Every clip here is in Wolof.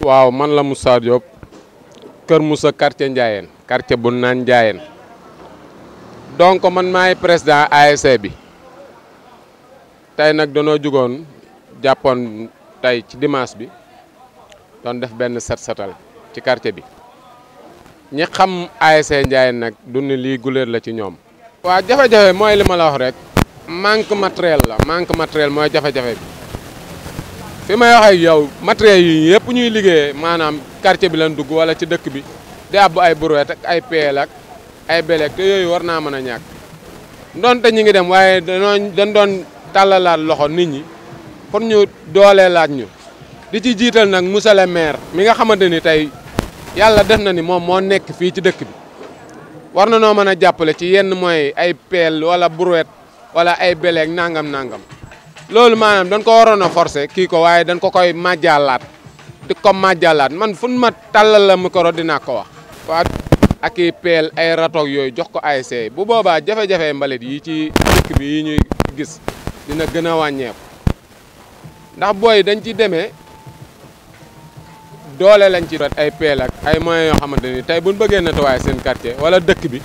Wow, man la Moussa Diop keur Moussa quartier ndiayen quartier bu nan ndiayen donc man may président ASC bi tay nak danoo jugon japon tay ci dimanche bi don def ben set setal ci quartier bi ñi xam ASC ndiayen nak du ni lii guléer la ci ñom wa jafé jafé moy li la wax rek manque matériel la manque matériel moy jafé jafé fi may wax ak yow matériel yi yépp ñuy liggé manam quartier bi lañ dugg wala ci dëkk bi di àbb ay brouette ak ay pel ak ay belek te yoy war naa mën a ñàkk ñi ngi dem waye dañ doon talalat loxo nit ñi pour ñu doolé laaj ñu di ci jital nak monsieur le maire mi nga xamanteni tay yalla def na ni mom mo nekk fi ci dëkk bi war na noo mën a ci yenn moy ay pel wala brouette wala ay belek nangam nangam Lol manam dañ ko force, forcer ki ko waye dañ ko koy majalat di ko majalat man fuñ ma talal la micro dinaa ko wax wa ak pel ay rato ak yoy jox ko ASC bu boba jafe-jafe mbalit yi ci dik bi yi ñuy gis dina gëna wañé dan ndax boy dañ ci démé doole lañ ci ay pel ak ay moyen yo xamanteni tay buñ bëggé na taway seen quartier wala dëkk bi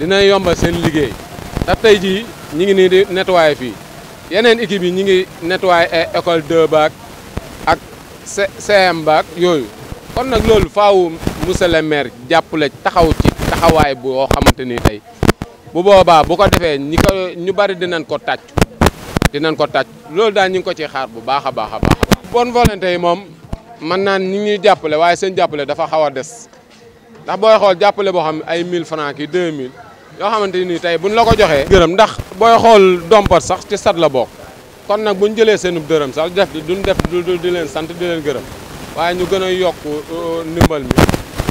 dina yomba seen liggéey tay jii ñi ngi ni di nettoyer fi yeneen équipe yi ñi ngi nettoyer ay école de bac ak CM bac yooyu kon nag loolu faaw monsieur le maire jàppale taxaw ci taxawaay boo xamante ni tey bu boobaa bu ko defee ñi ko ñu bari dinañ ko tàcc dinañ ko tàcc loolu daal ñu ngi ko ci xaar bu baax a baax a baax bonne volonté yi moom man naan ñi ñuy jàppale waaye seen jàppale dafa xaw a des ndax boo xool jàppale boo xam ne ay 1000 francs yi mille yoo xamante ni tey buñ la ko joxee. gërëm ndax booy xool dompat sax ci sat la bokk kon nag buñ jëlee seenub dërëm sax def duñ def di leen sant di leen gërëm waaye ñu gën a yokk euh, ndimbal mi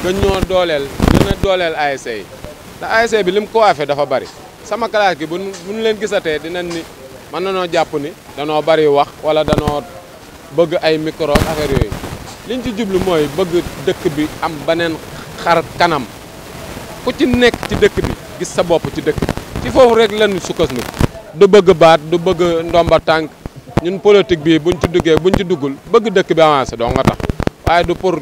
gën ñoo dooleel gën a dooleel ASC bi lim dafa bari sama classe gi buñ buñ leen gisatee dinañ ni mën nanoo jàpp ni danoo bari wax wala danoo bëgg ay micro affaire yooyu liñ ci jublu mooy bëgg dëkk bi am banen xar kanam ku ci nekk ci dëkk bi gis sa bop ci dekk ci fofu rek lañu sukkandiku du bëgg baat du bëgg ndomba tank ñun politique bi buñ ci duggé buñ ci duggul bëgg dekk bi avancé do nga tax waye du pour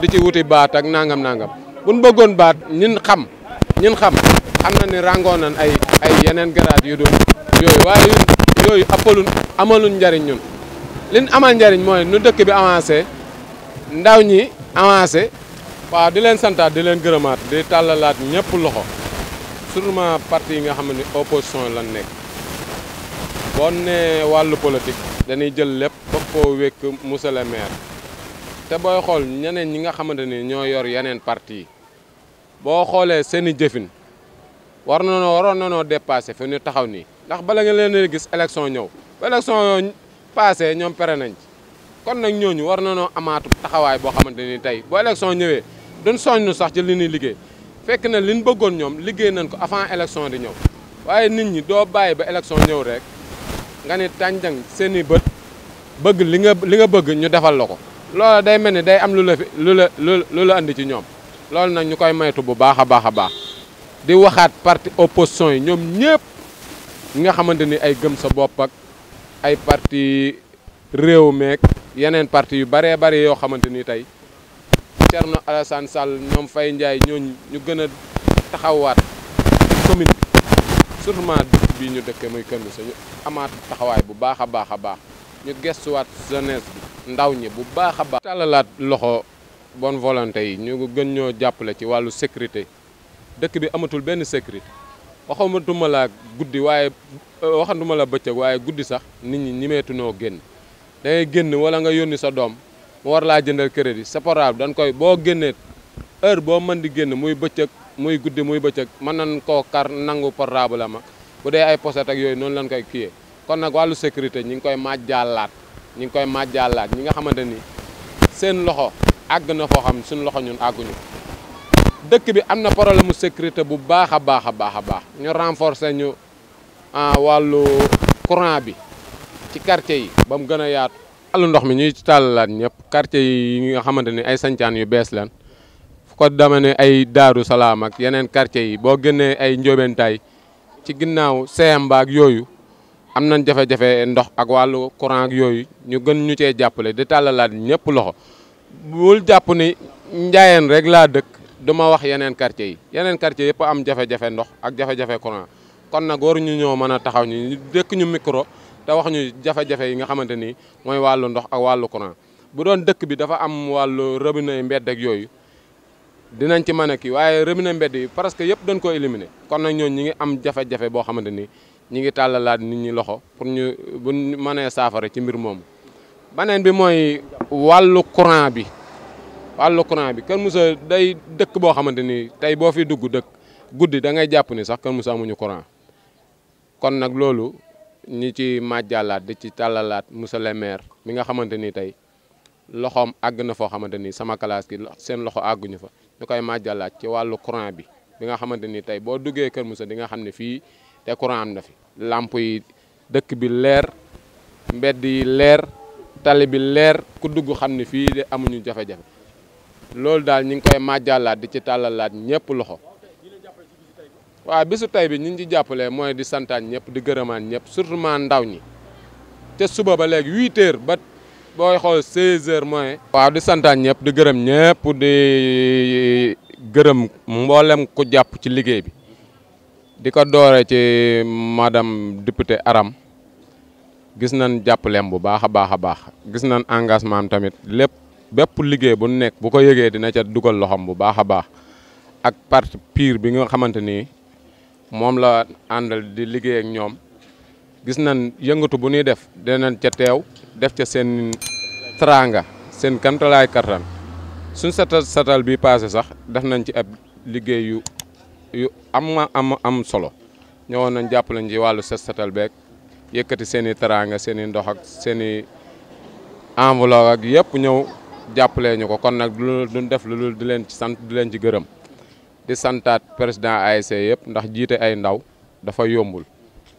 di ci wuti baat ak nangam nangam buñ bëggoon baat ñun xam ñun xam xam ni ay ay yenen grade yu do yoy waye yoy appaluñ amaluñ njariñ ñun liñ amal njariñ moy nu dekk bi avancé ndaw ñi avancé wa di len santat di len geureumat di talalat ñepp loxo sûrement parti yi nga xam ne opposition lan nekk boo nee wàllu politique dañuy jël lépp bëgg koo wékk le maire te booy xool ñeneen ñi nga xamante ni ñoo yor yeneen parti boo xoolee seen i jëfin war na noo waroon na noo dépassé fi ñu taxaw nii ndax bala nga leen di gis élection ñëw ba élection yoo passé ñoom pere nañ ci kon nag ñooñu war na noo amaatu taxawaay boo xamante ni tey boo élection ñëwee duñ soññu sax jël li ñuy liggéey fekk na liñ bëggoon ñoom liggéey nañ ko avant élection di ñëw waaye nit ñi doo bàyyi ba élection ñëw rek nga ni tànjang seen i bët bëgg li nga li nga bëgg ñu defal la ko loola day mel ni day am lu la fi lu la lu la andi ci ñoom loolu nag ñu koy mayetu bu baax a baax a baax di waxaat parti opposition yi ñoom ñëpp ñi nga xamante ni ay gëm sa bopp ak ay parti réew meeg yeneen parti yu baree bari yoo xamante ni tey Thierno Alassane Sall ñoom fay Ndiaye ñooñ ñu gën a taxawaat commune bi surtout dëkk bii ñu dëkkee muy Kër Moussa ñu amaat taxawaay bu baax a baax a baax ñu gestuwaat jeunesse bi ndaw ñi bu baax a baax. tàllalaat loxo bon volonté yi ñu gën ñoo jàppale ci wàllu sécurité dëkk bi amatul benn sécurité waxamatuma la guddi waaye euh, waxatuma la bëccëg waaye guddi sax nit ñi ñimeetunoo génn génn wala nga yónni sa doom. mu war la jëndal crédit sa portable dañ koy bo génnee heure bo mën di génn muy bëccëg muy guddé muy bëccëg man nañ ko kar nangu portable la ma bu dé ay posette ak yoy non lañ koy kiyé kon nak walu sécurité ñing koy ma jallat ñing koy jallat ñi nga xamanteni seen loxo ag na fo xam suñu loxo ñun dëkk bi amna problème sécurité bu baaxa baaxa baaxa baax ñu renforcer ñu ah, walu courant bi ci quartier yi bam gëna yaatu wàllu ndox mi ñuy tàllalaat ñëpp quartier yi nga xamante ni ay sancaan yu bees lan fu ko dama ne ay daaru salaam ak yeneen quartier yi boo génnee ay njóobentaay ci ginnaaw CMBA ak yooyu am nañ jafe-jafe ndox ak wàllu courant yooyu ñu gën ñu cee jàppale di tàllalaat ñëpp loxo bul jàpp ni njaayeen rek laa dëkk du wax yeneen quartier yi yeneen quartier yëpp am jafe-jafe ndox ak jafe-jafe courant kon nag waruñu ñoo mën a taxaw ñu dëkk ñu micro te wax ñu jafe-jafe yi nga xamante ni mooy wàllu ndox ak wàllu courant bu doon dëkk bi dafa am wàllu robinet mbedd ak yooyu dinañ ci mën kii waaye robinet mbedd yi parce que yëpp dañ ko éliminer kon nag ñooñu ñi ngi am jafe-jafe boo xamante ni ñi ngi tàllalaat nit ñi loxo pour ñu bu mënee saafara ci mbir moomu beneen bi mooy wàllu courant bi wàllu courant bi Kër Moussa day dëkk boo xamante ni tey boo fi dugg dëkk guddi dangay jàpp ni sax Kër Moussa amuñu courant kon nag loolu ñi ci majjalat di ci talalat monsieur le maire mi nga xamanteni tay loxom ag na fo xamanteni sama classe sen sen loxo ñu fa ñukay majjalat ci walu courant bi bi nga xamanteni tay bo duggé duggee Kër Moussa di nga xamné fi té courant am na fi lampe yi dëkk bi lèr mbedd yi tali bi lèr ku dugg xamné fi amuñu jafé jafé lool dal ñi koy majjalat di ci talalat ñepp loxo wa bisu tay bi ñu ci jappalé moy di santane ñep di gëreman ñep surtout ma ndaw ñi té suba ba léegi 8h ba boy xol 16h moy wa di santane ñep di gërem ñep di gërem mbollem ku japp ci liggéey bi diko doore ci madame député Aram gis nañ jàppaleem bu baaxa baaxa baax gis nañ engagement tamit lepp bepp liggéey bu nekk bu ko yégué dina ca duggal loxam bu baaxa baax ak parti pire bi nga xamanteni mom la andal di liggey ak ñom gis nañ yëngatu bu ñuy def dinañ ca tew def ca sen tranga sen kantalay kattan suñ satal satal bi passé sax def nañ ci ab liggey yu yu am am am solo ñoo nañ lañ ci walu set satal bek yëkëti seni tranga seni ndox ak seni envelope ak yëpp ñew jappalé ñuko kon nak du duñ def lu di len ci sante di len ci gërëm di santat president ASC e yep ndax jité ay ndaw dafa yombul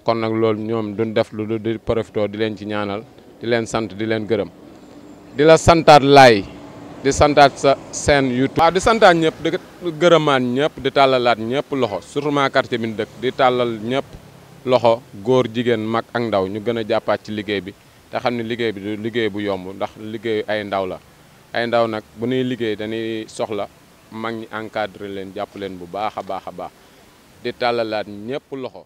kon nak lool ñom duñ def lu di profito di len ci ñaanal di len sant di len gëreem di la santat lay di santat sa sen YouTube waaw di santat ñep de gërëmaan ñep di talalat ñep loxo surtout quartier min dekk di talal ñep loxo góor jigen mak ak ndaw ñu gëna a ci liggéey bi ta xamni ne liggéey bi liggéey bu yomb ndax liggéey ay ndaw la ay ndaw nak bu ñuy liggéey dañuy soxla mag ñi encadré leen jàpp leen bu baax a baax a baax di tàllalaat ñëpp loxo